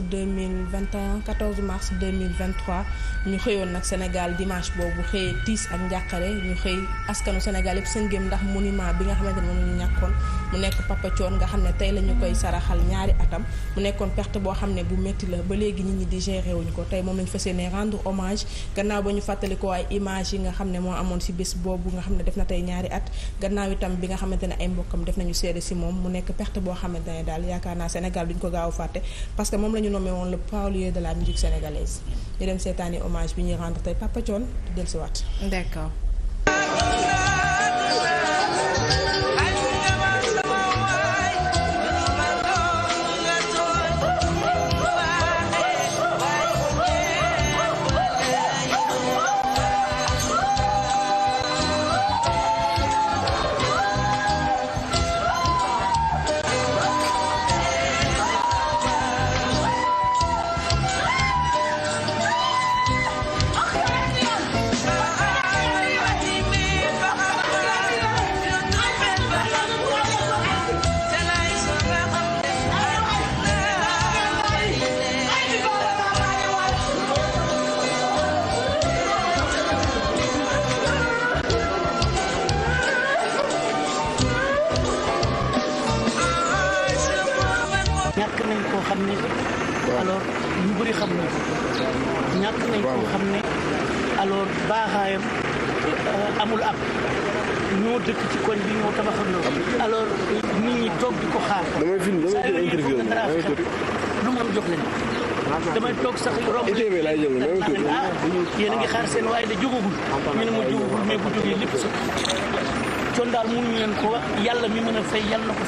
2021 14 mars 2023 ñu xëyoon nag Sénégal dimanche boobu xëyee tiis ak njàqare ñu xëy askanu Sénégal yëpp sëngéem ndax monument bi nga xamante ne moom ñu ñàkkoon mu nekk Papa Thione nga xam ne tey la ñu koy saraxal ñaari atam mu nekkoon perte boo xam ne bu métti la ba léegi nit ñi di gérer wuñu ko tey moom lañu fas ne rendre hommage gannaaw ba ñu fàttalikoo ay image yi nga xam ne moo amoon si bés boobu nga xam ne def na tey ñaari at gannaaw itam bi nga xamante ne ay mbokkam def nañu seede si moom mu nekk perte boo xamante ne daal yaakaar naa Sénégal duñ ko gaaw fàtte ñu nommé woon le parolier de la musique sénégalaise ñu dem seetaani hommage bi ñuy rendre tey Papa Thione di dellusiwaat d'accord boo xam ne alors baaxaayam euh, amul ab ñoo dëkk ci koñ bi ñoo tabaxandoo alors nit ñi toog di ko xaar damay film damay interview lu mu am jox leen damay toog sax romb ah, ah, yéen a ngi xaar seen waaye da jógagul ñu ne ma jógagul mais bu jógee lépp sa con daal mënuñu leen ko yàlla mi mën a fay yàlla na ko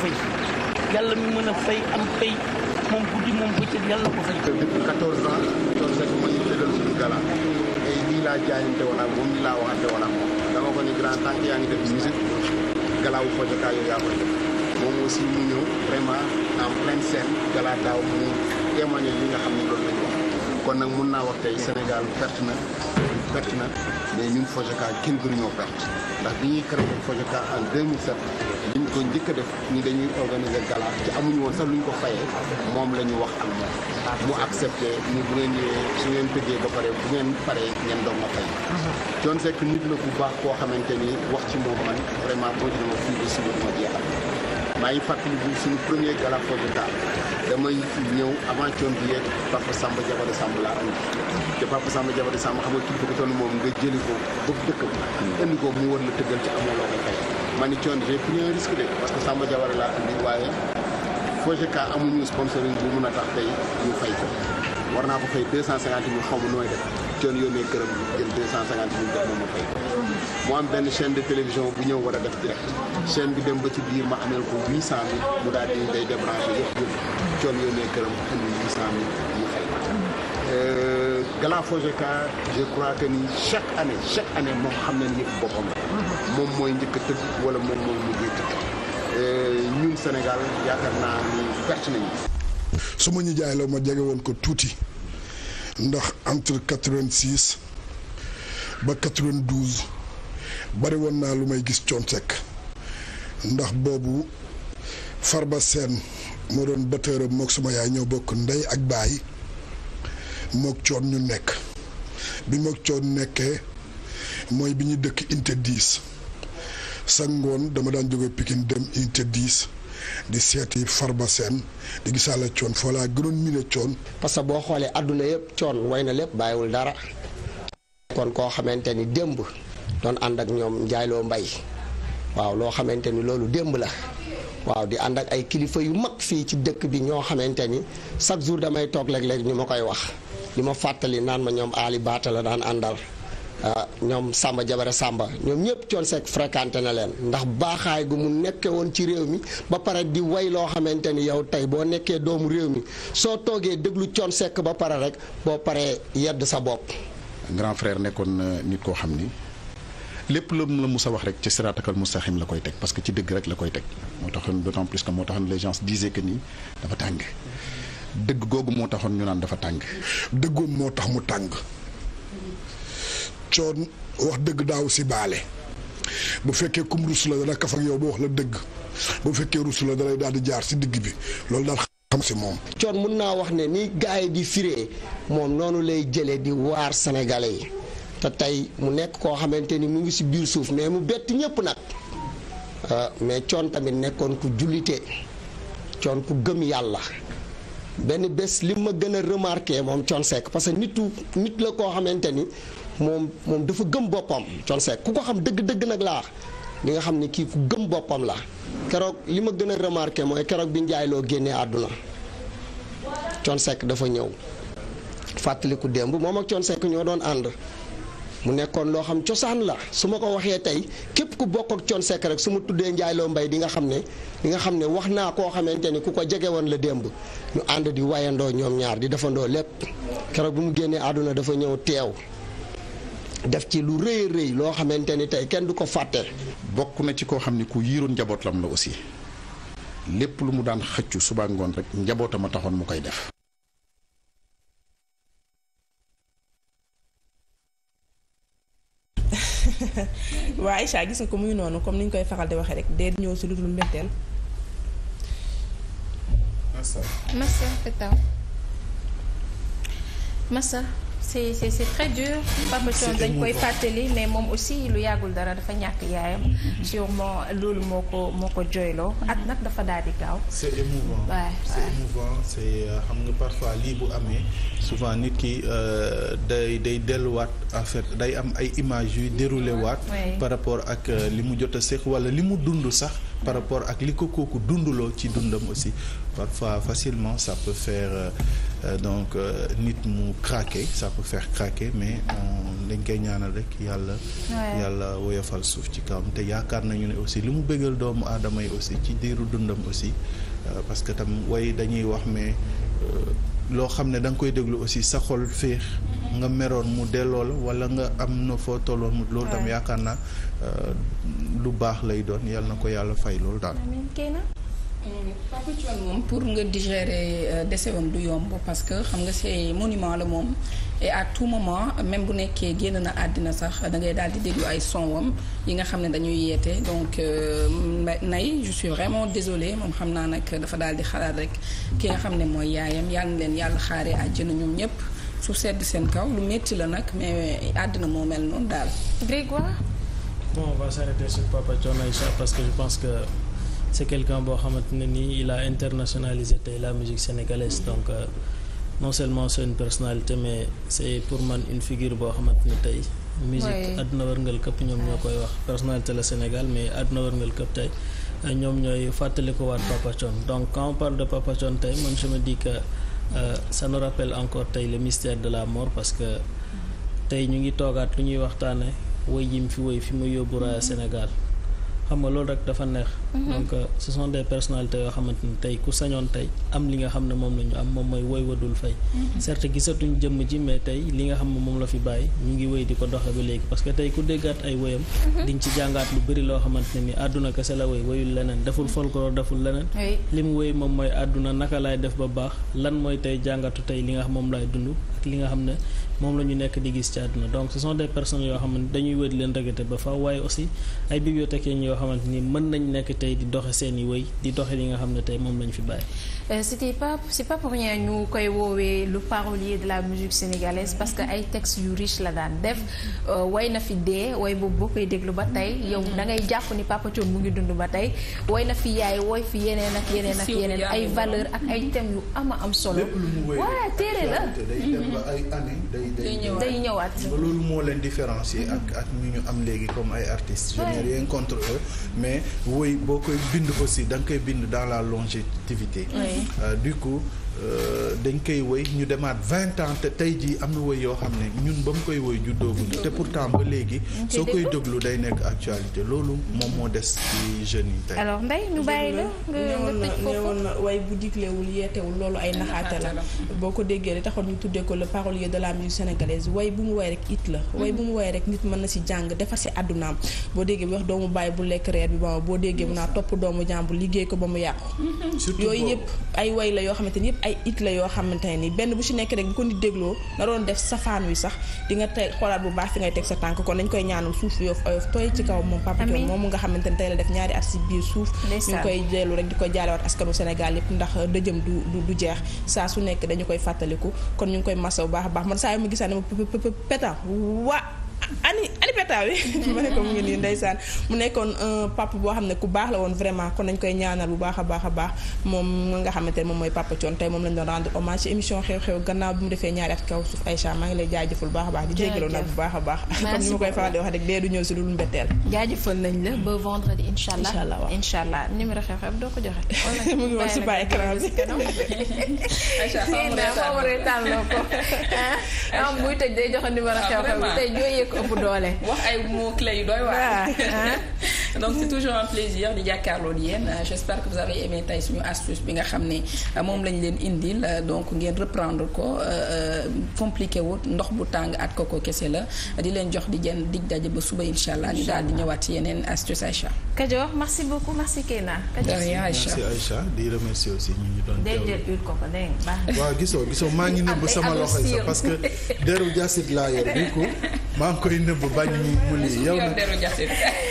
mi mën a fay am fay moom guddi moom bëccëg yàlla ko fay nag ma ñu tëral suñu gala tey lii laa jaayante woon ak moom lii laa waxante woon moom dama ko ni grand tant yaa ngi def musique galaawu Fodioka yooyu yaa koy def moom mu ñëw vraiment en pleine scène galaa daaw mu témoigné li nga xam ne loolu lañu wax kon nag mun naa wax tey Sénégal perte na perte na mais ñun Fodioka kenn ñoo perte ndax bi ñuy créé Fodioka en 2007 li ñu ko njëkk def nii dañuy organiser gala ci amuñu woon sax luñ ñu ko fayee moom la ñu wax ak moom mu accepté ni bu ngeen ñëwee su ngeen tëggee ba pare bu ngeen paree ngeen doog ma fay. Thione Seck nit la bu baax koo xamante ni wax ci moom man vraiment boo dina ma ma jeexal maa ngi fàttali bu suñu premier galaafoo bi daal damay ñëw avant Thione bi yeeg Papa Samba Diabara Samba laa andi te Papa Samba Diabara Samba xam nga kii bëgg moom nga jëli ko bëgg dëkk bi indi ko mu wër la tëggal ci amoo loo koy fay ma ni Thione j'ai pris un risque de parce que Samba Diabara laa andi waaye. projet ka amuñu sponsoring bu mun a tax tey ñu fay ko war naa ko fay deux cent cinquante mille xaw nooy def coon yónnee këram jël deux cent cinquante mille def moom ma fay mu am benn chaine de télévision bu ñëw war a def direct chaîne bi dem ba ci biir ma ameel ko huit cent mille mu daal di day débranché yëpp yëpp coon yónnee këram indi huit cent mille ñu fay euh, Gala Fogeca je crois que ni chaque année chaque année moom xam ne ni yëpp boppam moom mooy njëkk tëgg wala moom mooy mujjee tëgg su ma ñu jaay la ma jege woon ko tuuti ndox entre quatre ba quatre bari woon naa lu may gis Thione Seck ndax boobu ba seen moo doon bëtëram mook suma yaay ñëw bokk ndey ak baay mook Thione ñu nekk bi mook Thione nekkee mooy bi ñu dëkk inte 10 sa ngoon dama daan jóge Pikine dem unité 10 di seeti Farba Sène di gisaale coon foo laa gënoon miine coon parce que boo xoolee àdduna yëpp coon way na lépp bàyyiwul dara kon koo xamante ni démb doon ànd ak ñoom njaayloo mbay waaw loo xamante ni loolu démb la waaw di ànd ak ay kilifa yu mag fii ci dëkk bi ñoo xamante ni chaque jour damay toog léeg-léeg ñu ma koy wax li ma fàttali naan ma ñoom Ali Baata la daan àndal Ah, ñoom sàmba Jabare sàmba ñoom ñëpp Thione Seck fréquenté na leen ndax baaxaay gu mu nekkee woon ci réew mi ba pare di way loo xamante ni yow tey boo nekkee doomu réew mi soo toogee déglu coon sekk ba pare rek boo paree yedd sa bopp. grand frère nekkoon nit koo xam ni lépp lu la Moussa wax rek ci siraatakal mustaxim la koy teg parce que ci dëgg rek la koy teg moo taxoon d'autant plus que moo tax les gens disaient que nii dafa tàng dëgg googu moo taxoon ñu naan dafa tàng. dëggoom moo tax mu tàng. coon wax dëgg daaw si baale bu fekkee kum rus la dana kaf yow bu wax la dëgg bu fekkee rus la dalay daal di jaar si digg bi loolu daal xam si moom. coon mun naa wax ne ni gars yi di firee moom noonu lay jëlee di waar sénégalais yi te tey mu nekk koo xamante ni mu ngi si biir suuf mais mu bett ñëpp nag ah, mais coon tamit nekkoon ku jullite coon ku gëm yàlla. benn bés li ma gën a remarqué moom Thione Seck parce que nitu nit la koo xamante ni moom moom dafa gëm boppam Thione Seck ku ko xam dëgg-dëgg nag laa li nga xam ne kii ku gëm boppam la keroog li ma gën a remarqué mooy keroog bi njaayloo Lo génnee àdduna Thione Seck dafa ñëw fàttaliku démb moom ak Thione ñoo doon ànd mu nekkoon loo xam cosaan la su ma ko waxee tey képp ku bokk ak Thione Seck rek su ma tuddee Ndiaye mbay Mbaye di nga xam ne di nga xam ne wax naa koo xamante ni ku ko jege woon la démb ñu ànd di wayandoo ñoom ñaar di defandoo lépp keroog bi mu génnee àdduna dafa ñëw teew def ci lu rëy rëy loo xamante ni tey kenn du ko fàtte. bokk na ci koo xam ne ku yiiroon njabootam la aussi lépp lu mu daan xëccu suba ngoon rek njabootam a taxoon mu koy def. waa Aïcha gis nga ko muy noonu comme ni ñu koy faral di waxee rek dee ñëw si lu dul mbetteel. c'est c'est c'est très dur Papa dañ koy fàttali mais moom aussi lu yàggul dara dafa ñàkk yaayam mm-hmm. sûrement loolu moo ko moo ko jooyloo mm-hmm. ak nag dafa daal di gaaw c'est émouvant ouais, c'est euh, xam euh, nga parfois lii bu amee souvent nit ki euh, day day delluwaat en fait day am ay images yuy dérouler waat par rapport ak euh, li mu jot a seq wala li mu dund sax par rapport ak li ko kooku dunduloo ci dundam aussi parfois facilement ça peut faire euh, Euh, donc euh, nit mu craqué ça peut faire craquer mais euh, dañ koy ñaanal rek yàlla. yàlla woyofal suuf ci kawam te yaakaar nañu ne aussi li mu bëggal doomu aadama yi aussi ci diiru dundam aussi parce que tam way dañuy wax mais loo xam ne da nga koy déglu aussi sa xol féex. Mm-hmm. nga meroon mu dellool la wala nga am na foo tolloon mu loolu tam yaakaar naa lu baax lay doon yàlla na ko yàlla fay loolu daal. Papa Thione moom pour nga digérer euh, décès wam du yomb parce que xam nga c'est monument la moom et à tout moment même bu nekkee génn na àddina sax dangay ngay daal di déglu ay son wam yi nga xam ne dañuy yeete donc euh, nay je suis vraiment désolée moom xam naa nag dafa daal di xalaat rek ki nga xam ne mooy yaayam yàlla na leen yàlla xaaree na ñoom ñëpp su sedd seen kaw lu métti la nag mais àddina moo mel noonu daal. Grégoire. bon on c'est quelqu'un boo xamante ne nii il a internationalisé tey la musique sénégalaise donc euh, non seulement c'est une personnalité mais c'est pour man une figure boo xamante ne tey musique àdduna wërngal këpp ñoom ñoo koy wax personnalité la Sénégal mais àdduna wërngal këpp tey euh, ñoom ñooy fàttaliku waat Papa Thione donc quand on de Papa Thione tey man je me dis que euh, rappelle encore tey le mystère de la mort parce que tey ñu ngi toogaat lu ñuy waxtaane woy yim fi woy fi mu yóbbu raaya mm-hmm. Sénégal xam nga loolu rek dafa neex. Mhm. donc euh, ce sont des personnalités yoo xamante ni tey ku sañoon tey am li nga xam ne moom la ñu am moom mooy woy wadul fay. Mhm. certes gisatuñ jëmm ji mais tey li nga xam ne moom la fi bàyyi ñu ngi wéy di ko doxe ba léegi parce que tey ku déggaat ay woyam. Mhm. diñ ci jàngaat lu bëri loo xamante ni àdduna kese la woy woyul leneen deful folklore deful leneen. li mu woy moom mooy àdduna naka laay def ba baax lan mooy tey jàngatu tey li nga xam moom laay dund. li nga xam ne moom la ñu nekk di gis ci donc ce sont des personnes yoo xam ne dañuy wër leen regretter ba faaw waaye aussi ay bibliothécaires yoo xamante ni mën nañ nekk tey di doxe seeni i wëy di doxe li nga xam ne tey moom la ñu fi bàyyi. Euh, c'était pas c'est pas pour ñu koy woowee lu parolier de la musique sénégalaise parce que ay textes yu riche la daan def euh, way na fi dee way boobu boo koy déglu ba tey yow mm-hmm. da ngay jàpp ni Papa Thione mu ngi dund ba tey way na fi yaay woy fi yeneen ak yeneen ak ay valeur ak ay thèmes yu ama am solo waa téere la mm-hmm. day ñëwaat ba loolu moo leen différencier ak ak ñu ñu am léegi comme ay artistes je n'ai contre eux mais woy boo koy bind aussi si nga koy bind dans la Euh, du coup Euh, dañ koy woy ñu demaat vingt ans te tey jii am na woy yoo xam ne ñun ba mu koy woy juddooguñu te pourtant ba léegi soo koy déglu day nekk actualité loolu moom moo des ci jeunes yi tey alors Ndeye ñu la nga tëj foofu na waaye bu diglewul yeetewul loolu ay naxaate la boo ko déggee taxoon ñu tuddee ko le parolier de la musique sénégalaise way bu mu woy rek it la way bu mu woy rek nit mën na si jàng defar si àddunaam boo déggee bi wax doomu bàyyi bu lekk reer bi ba boo déggee mu naa topp doomu jàmbur liggéey ko ba mu yàqu yooyu yëpp ay woy la yoo xamante ni yëpp ay it la yoo xamante ne ni benn bu ci nekk rek bu ko nit dégloo na doon def safaan wi sax di nga xoolaat bu baax fi ngay teg sa tànk kon dañ koy ñaanal suuf yoof oyof tooy ci kaw moom Papa Thione moom nga xamante ne tey la def ñaari at si biir suuf ñu ngi koy dellu rek di ko jaalewaat askanu Sénégal yëpp ndax dëjëm du du jeex saa su nekk dañu koy fàttaliku kon ñu ngi koy masaw baax a baax man saa yu ma gisaan dama pétan waa taaw yi ma ne ko mu ngi nii ndeysaan mu nekkoon un papa boo xam ne ku baax la woon vraiment kon nañ koy ñaanal bu baax a baax a baax moom nga xamante ne moom mooy papa Thione tey moom lañ doon rendre hommage ci émission xew-xew a baax di jégaloo nag bu baax a baax comme ni ma koy faral di dee du ñëw la ba vendredi inchallah inchallah waaw inchallah numéro xew-xew ko joxe mu ngi woon si baa écran bi tey ah, buy tëj ah, ëpp doole ay mots clés yu doy waar. donc c'est toujours un plaisir di jàkkaarloo di yéen j'espère que vous avez aimé tey suñu astuce bi nga xam ne moom lañ leen indil donc ngeen reprendre ko euh, euh, compliqué wut ndox bu tàng at ko kese la di leen jox di jën dig daje ba suba incha allah ñu daal di ñëwaat ci yeneen astuce Aïcha. Kajoor merci beaucoup merci Kéna. Kajoor merci Aïcha di remercier aussi ñu ñu doon. déedéet ko gisoo gisoo maa ngi nëbb ah, sama loxo yi sax parce que deru jaasit maa ngi koy nëbb bañ mu mu lii nag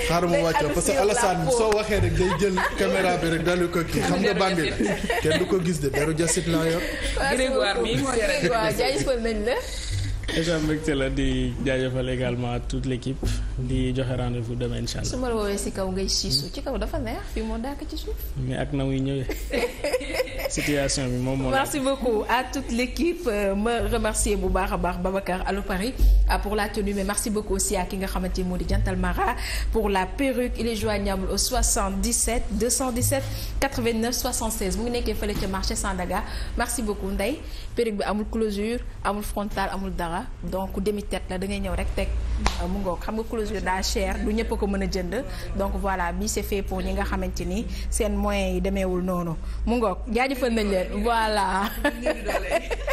xaaral ma wàccoo parce que Alassane soo waxee rek day jël caméra bi rek dalu ko kii xam nga bambi kenn du ko gis de deru jasit laa yor. Grégoire mi nañ la. émission mbégte la di jaajëfal également toute l'équipe di joxe rendez-vous demain incha allah. su si kaw ngay siisu ci kaw dafa neex fii moo dàkk ci suuf. mais ak na muy ñëwee. situation bi moom moo merci beaucoup à toute l'équipe euh, ma remercier bu baax a baax Babacar Allo Paris euh, pour la tenue mais merci beaucoup aussi à ki nga xamante ni moo di Jantal Mara pour la perruque il est joignable au 77 217 89 76 mu ngi nekkee fële ca marché Sandaga merci beaucoup Ndeye perruque bi amul closure amul frontal amul dara donc demi-tête la da ngay ñëw rek teg. Euh, mu ngoog xam nga clôture daa cher du ñëpp ko mën a jënd donc voilà bi c'est fait pour ñi nga xamante ni seen moyen yi demewul noonu mu ngoog jaajëfal nañ leen voilà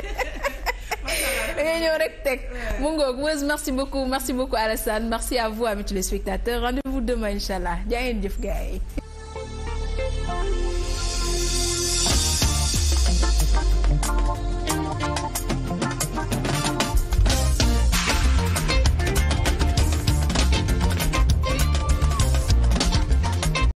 dangay ñëw rek teg mu ngoog Weuz merci beaucoup merci beaucoup Alassane merci à vous amis téléspectateurs rendez-vous demain incha jaa ngeen jëf gars yi